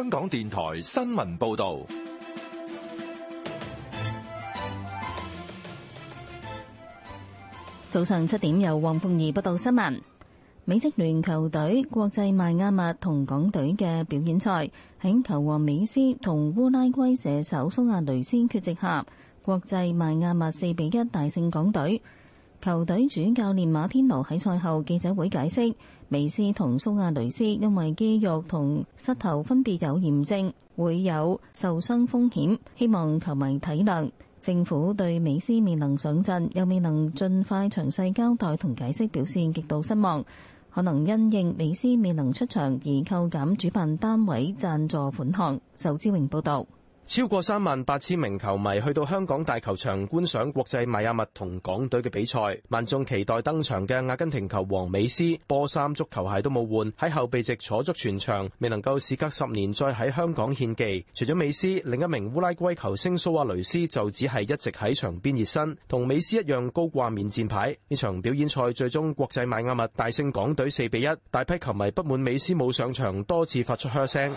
香港電台新聞報道，早上七點由黃鳳儀報道新聞。美職聯球隊國際邁亞密同港隊嘅表演賽，喺球王美斯同烏拉圭射手蘇亞雷斯缺席下，國際邁亞密四比一大勝港隊。球隊主教練馬天奴喺賽後記者會解釋。美斯同蘇亞雷斯因為肌肉同膝頭分別有炎症，會有受傷風險。希望球迷體諒。政府對美斯未能上陣又未能盡快詳細交代同解釋，表示極度失望。可能因應美斯未能出場而扣減主辦單位贊助款項。仇志榮報道。超過三萬八千名球迷去到香港大球場觀賞國際邁阿密同港隊嘅比賽，萬眾期待登場嘅阿根廷球王美斯，波衫足球鞋都冇換，喺後備席坐足全場，未能夠時隔十年再喺香港獻技。除咗美斯，另一名烏拉圭球星蘇亞雷斯就只係一直喺場邊熱身，同美斯一樣高掛免戰牌。呢場表演賽最終國際邁阿密大勝港隊四比一，大批球迷不滿美斯冇上場，多次發出嘘聲。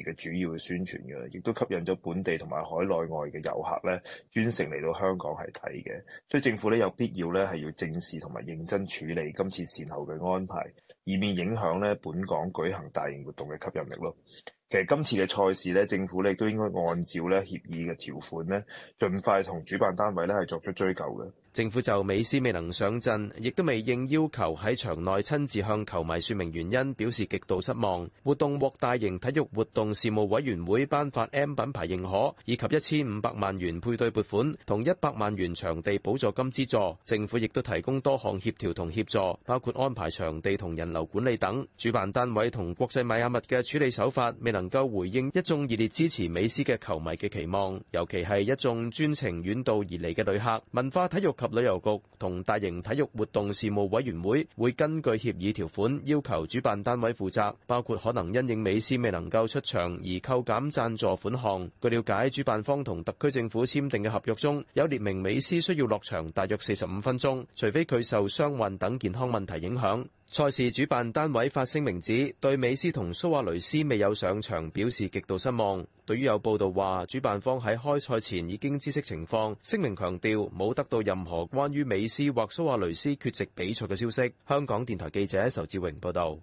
嘅主要嘅宣傳嘅，亦都吸引咗本地同埋海內外嘅遊客咧專程嚟到香港係睇嘅，所以政府咧有必要咧係要正視同埋認真處理今次善後嘅安排，以免影響咧本港舉行大型活動嘅吸引力咯。其實今次嘅賽事咧，政府咧亦都應該按照咧協議嘅條款咧，盡快同主辦單位咧係作出追究嘅。政府就美斯未能上陣，亦都未應要求喺場內親自向球迷說明原因，表示極度失望。活動獲大型體育活動事務委員會頒發 M 品牌認可，以及一千五百萬元配對撥款，同一百萬元場地補助金資助。政府亦都提供多項協調同協助，包括安排場地同人流管理等。主辦單位同國際邁阿密嘅處理手法未能。能夠回應一眾熱烈支持美斯嘅球迷嘅期望，尤其係一眾專程遠道而嚟嘅旅客。文化體育及旅遊局同大型體育活動事務委員會會根據協議條款要求主辦單位負責，包括可能因應美斯未能夠出場而扣減贊助款項。據了解，主辦方同特區政府簽訂嘅合約中有列明美斯需要落場大約四十五分鐘，除非佢受傷患等健康問題影響。賽事主辦單位發聲明指，對美斯同蘇亞雷斯未有上場表示極度失望。對於有報道話，主辦方喺開賽前已經知悉情況，聲明強調冇得到任何關於美斯或蘇亞雷斯缺席比賽嘅消息。香港電台記者仇志榮報道。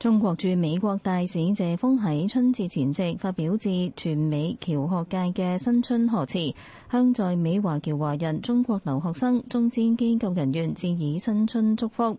中國駐美國大使謝鋒喺春節前夕發表致全美僑學界嘅新春賀詞，向在美華僑華人、中國留學生、中資機構人員致以新春祝福。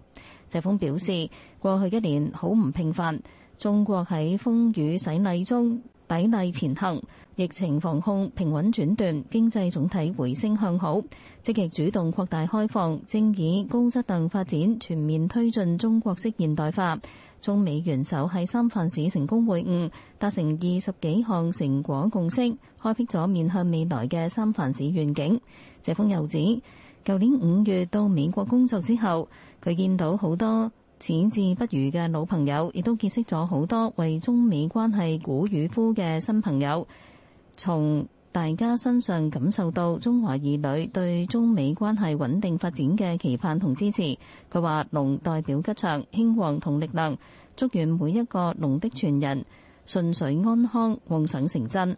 謝鋒表示，過去一年好唔平凡，中國喺風雨洗禮中砥礪前行。疫情防控平穩轉段，經濟總體回升向好，積極主動擴大開放，正以高質量發展全面推進中國式現代化。中美元首喺三藩市成功會晤，達成二十幾項成果共識，開闢咗面向未來嘅三藩市願景。謝鋒又指，舊年五月到美國工作之後，佢見到好多矢志不渝嘅老朋友，亦都結識咗好多為中美關係鼓與呼嘅新朋友。從大家身上感受到中華兒女對中美關係穩定發展嘅期盼同支持。佢話龍代表吉祥、興旺同力量，祝願每一個龍的傳人，順遂安康，夢想成真。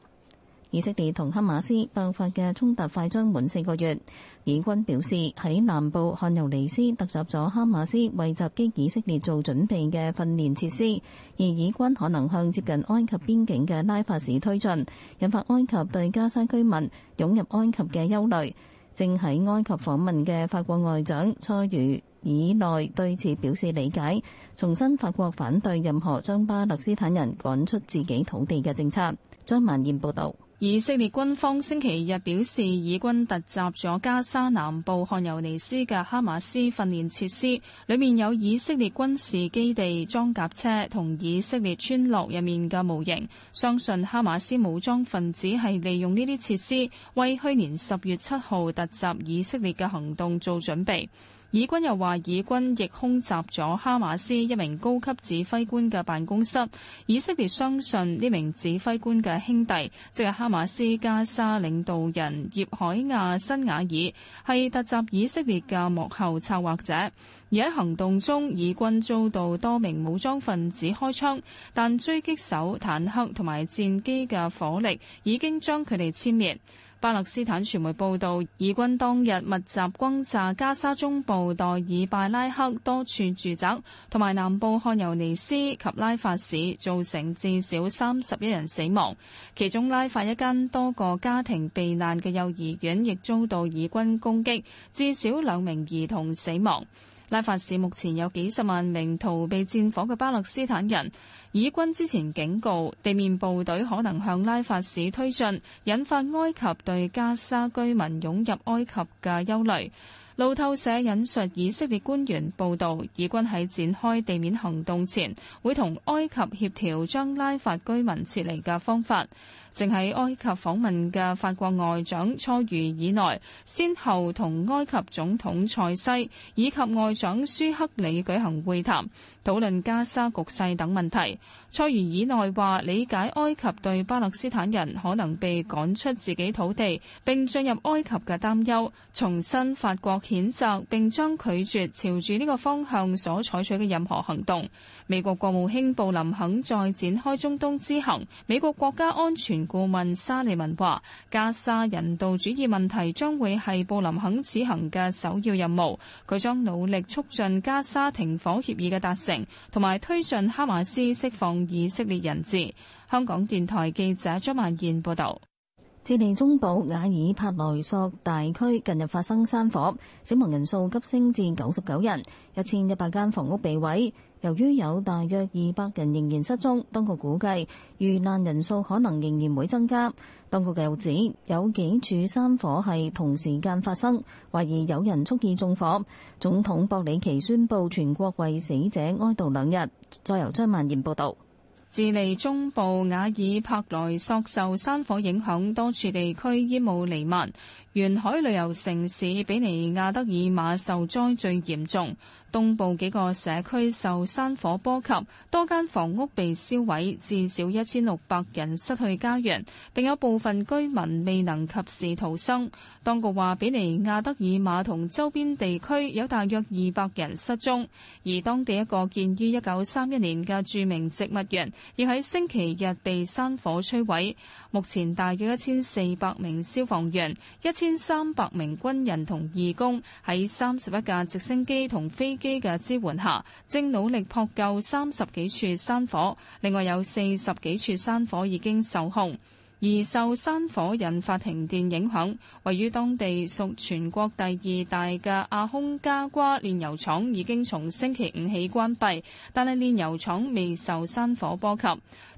以色列同哈馬斯爆發嘅衝突快將滿四個月，以軍表示喺南部漢尤尼斯突襲咗哈馬斯為襲擊以色列做準備嘅訓練設施，而以軍可能向接近埃及邊境嘅拉法市推進，引發埃及對加沙居民湧入埃及嘅憂慮。正喺埃及訪問嘅法國外長塞茹爾內對此表示理解，重申法國反對任何將巴勒斯坦人趕出自己土地嘅政策。張曼燕報導。以色列軍方星期日表示，以軍突襲咗加沙南部汗尤尼斯嘅哈馬斯訓練設施，裏面有以色列軍事基地、裝甲車同以色列村落入面嘅模型。相信哈馬斯武裝分子係利用呢啲設施為去年十月七號突襲以色列嘅行動做準備。以軍又話，以軍亦空襲咗哈馬斯一名高級指揮官嘅辦公室。以色列相信呢名指揮官嘅兄弟，即係哈馬斯加沙領導人葉海亞·辛瓦爾，係突襲以色列嘅幕後策劃者。而喺行動中，以軍遭到多名武裝分子開槍，但狙擊手、坦克同埋戰機嘅火力已經將佢哋殲滅。巴勒斯坦傳媒報導，以軍當日密集轟炸加沙中部代爾拜拉克多處住宅，同埋南部漢尤尼斯及拉法市，造成至少三十一人死亡，其中拉法一間多個家庭避難嘅幼兒園亦遭到以軍攻擊，至少兩名兒童死亡。拉法市目前有幾十萬名逃避戰火嘅巴勒斯坦人。以軍之前警告地面部隊可能向拉法市推進，引發埃及對加沙居民湧入埃及嘅憂慮。路透社引述以色列官員報道，以軍喺展開地面行動前，會同埃及協調將拉法居民撤離嘅方法。正喺埃及訪問嘅法國外長塞餘爾內先後同埃及總統塞西以及外長舒克里舉行會談，討論加沙局勢等問題，塞餘爾內話理解埃及對巴勒斯坦人可能被趕出自己土地並進入埃及嘅擔憂，重申法國。譴責，並將拒絕朝住呢個方向所採取嘅任何行動。美國國務卿布林肯再展開中東之行，美國國家安全顧問沙利文話，加沙人道主義問題將會係布林肯此行嘅首要任務。佢將努力促進加沙停火協議嘅達成，同埋推進哈馬斯釋放以色列人質。香港電台記者張曼燕報道。智利中部瓦爾帕萊索大區近日發生山火，死亡人數急升至九十九人，一千一百間房屋被毀。由於有大約二百人仍然失蹤，當局估計遇難人數可能仍然會增加。當局又指有幾處山火係同時間發生，懷疑有人蓄意縱火。總統博里奇宣布全國為死者哀悼兩日。再由張曼賢報道。智利中部瓦爾帕萊索受山火影響，多處地區煙霧瀰漫。沿海旅遊城市比尼亞德爾馬受災最嚴重，東部幾個社區受山火波及，多間房屋被燒毀，至少一千六百人失去家園，並有部分居民未能及時逃生。當局話，比尼亞德爾馬同周邊地區有大約二百人失蹤，而當地一個建於一九三一年嘅著名植物園，而喺星期日被山火摧毀，目前大約一千四百名消防員、一千三百名軍人同義工喺三十一架直升機同飛機嘅支援下，正努力撲救三十幾處山火，另外有四十幾處山火已經受控。而受山火引發停電影響，位於當地屬全國第二大嘅阿空加瓜煉油廠已經從星期五起關閉，但係煉油廠未受山火波及。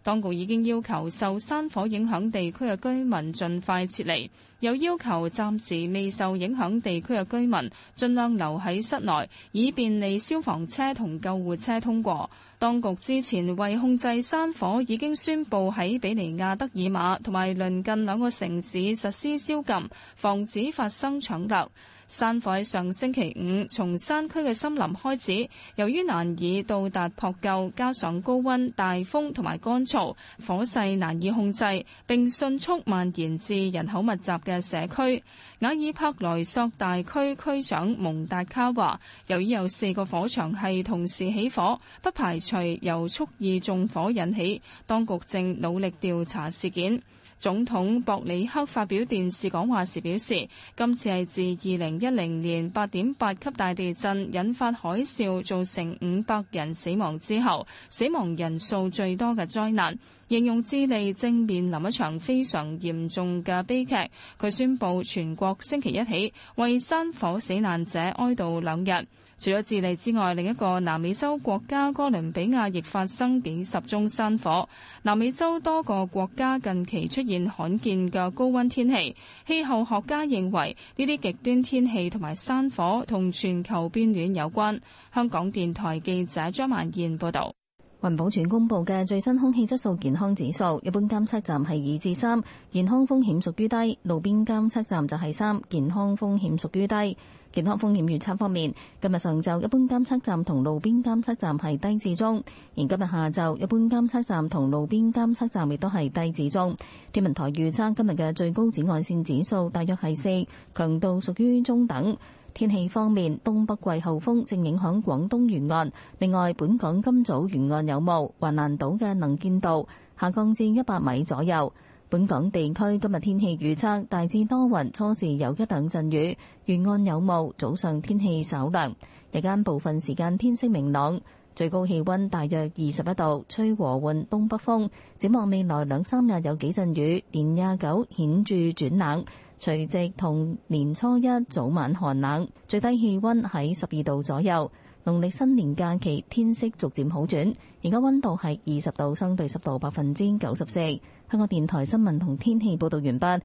當局已經要求受山火影響地區嘅居民盡快撤離，又要求暫時未受影響地區嘅居民盡量留喺室內，以便利消防車同救護車通過。當局之前為控制山火，已經宣布喺比尼亞德爾馬同埋鄰近兩個城市實施宵禁，防止發生搶奪。山火喺上星期五從山區嘅森林開始，由於難以到達撲救，加上高温、大風同埋乾燥，火勢難以控制，並迅速蔓延至人口密集嘅社區。瓦爾帕萊索大區區長蒙達卡話，由於有四個火場係同時起火，不排除由蓄意縱火引起，當局正努力調查事件。總統博里克發表電視講話時表示，今次係自二零一零年八點八級大地震引發海嘯，造成五百人死亡之後，死亡人數最多嘅災難。應用智利正面臨一場非常嚴重嘅悲劇，佢宣布全國星期一起為山火死難者哀悼兩日。除咗智利之外，另一個南美洲國家哥倫比亞亦發生幾十宗山火。南美洲多個國家近期出現罕見嘅高溫天氣，氣候學家認為呢啲極端天氣同埋山火同全球變暖有關。香港電台記者張曼燕報導。環保署公布嘅最新空氣質素健康指數，一般監測站係二至三，健康風險屬於低；路邊監測站就係三，健康風險屬於低。健康風險預測方面，今日上晝一般監測站同路邊監測站係低至中，而今日下晝一般監測站同路邊監測站亦都係低至中。天文台預測今日嘅最高紫外線指數大約係四，強度屬於中等。天氣方面，東北季候風正影響廣東沿岸，另外本港今早沿岸有霧，橫瀾島嘅能見度下降至一百米左右。本港地區今日天氣預測大致多雲，初時有一兩陣雨，沿岸有霧，早上天氣稍涼，日間部分時間天色明朗，最高氣温大約二十一度，吹和緩東北風。展望未來兩三日有幾陣雨，年廿九顯著轉冷，除夕同年初一早晚寒冷，最低氣温喺十二度左右。農曆新年假期天色逐漸好轉，而家溫度係二十度，相對濕度百分之九十四。香港電台新聞同天氣報道完畢。